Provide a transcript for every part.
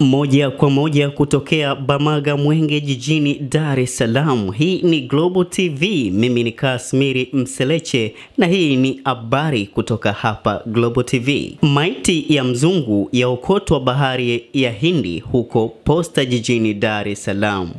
Moja kwa moja kutokea Bamaga Mwenge jijini Dar es Salaam. Hii ni Global TV, mimi ni Kasmiri Mseleche na hii ni habari kutoka hapa Global TV. Maiti ya mzungu yaokotwa bahari ya Hindi huko Posta jijini Dar es Salaam.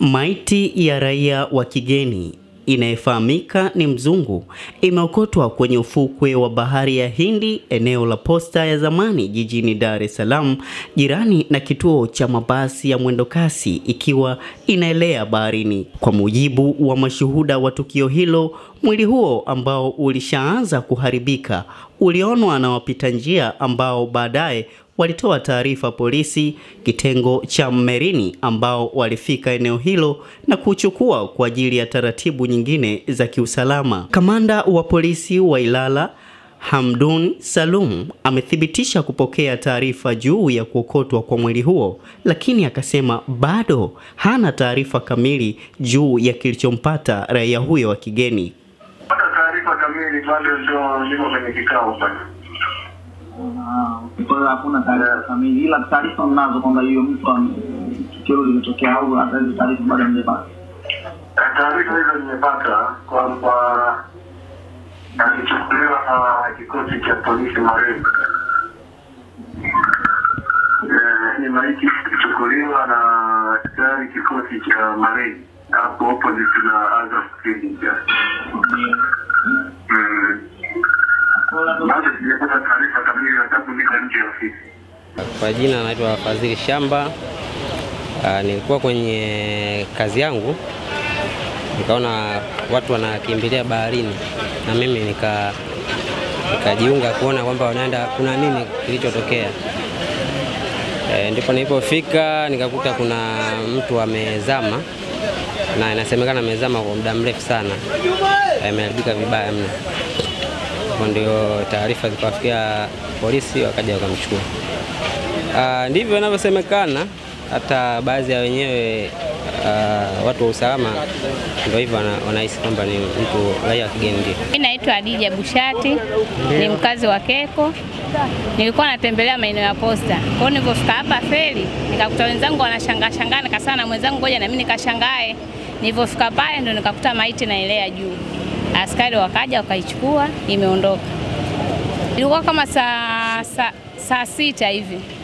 Maiti ya raia wa kigeni inayefahamika ni mzungu imeokotwa kwenye ufukwe wa bahari ya Hindi, eneo la posta ya zamani jijini Dar es Salaam, jirani na kituo cha mabasi ya mwendokasi, ikiwa inaelea baharini. Kwa mujibu wa mashuhuda wa tukio hilo, Mwili huo ambao ulishaanza kuharibika ulionwa na wapita njia ambao baadaye walitoa taarifa polisi kitengo cha Mmerini ambao walifika eneo hilo na kuchukua kwa ajili ya taratibu nyingine za kiusalama. Kamanda wa polisi wa Ilala Hamdun Salum amethibitisha kupokea taarifa juu ya kuokotwa kwa mwili huo, lakini akasema bado hana taarifa kamili juu ya kilichompata raia huyo wa kigeni bado ndio niko kwenye kikao pale. Kwa hiyo hakuna taarifa kamili, ila taarifa mnazo kwamba hiyo mtu tukio limetokea au hata hizo taarifa bado mjapata? Eh, taarifa hizo nimepata kwamba alichukuliwa na kikosi cha polisi Marembo. Eh, ni maiti kuchukuliwa na askari kikosi cha Marembo hapo opposite na Azam Stadium. taarifa kamili kwa sababu niko nje ya ofisi. Kwa jina naitwa Fadhili Shamba. Ah, nilikuwa kwenye kazi yangu nikaona watu wanakimbilia baharini na mimi nika nikajiunga kuona kwamba wanaenda kuna nini kilichotokea. E, ndipo nilipofika nikakuta kuna mtu amezama na inasemekana amezama kwa muda mrefu sana, ameharibika vibaya mno hapo ndio taarifa zikawafikia polisi, wakaja wakamchukua. Ah, ndivyo inavyosemekana, hata baadhi ya wenyewe Uh, watu wa usalama ndio hivyo wanahisi kwamba ni mtu raia wa kigeni. Ndio mimi naitwa Adija Bushati, ni mkazi wa Keko. Nilikuwa natembelea maeneo ya posta, kwa hiyo nilipofika hapa feri nikakuta wenzangu wanashangaa shangaa, nikasana na mwenzangu, ngoja na mimi nikashangae. Nilipofika pale ndo nikakuta maiti naelea juu askari wakaja wakaichukua, imeondoka. Ilikuwa kama saa, saa, saa sita hivi.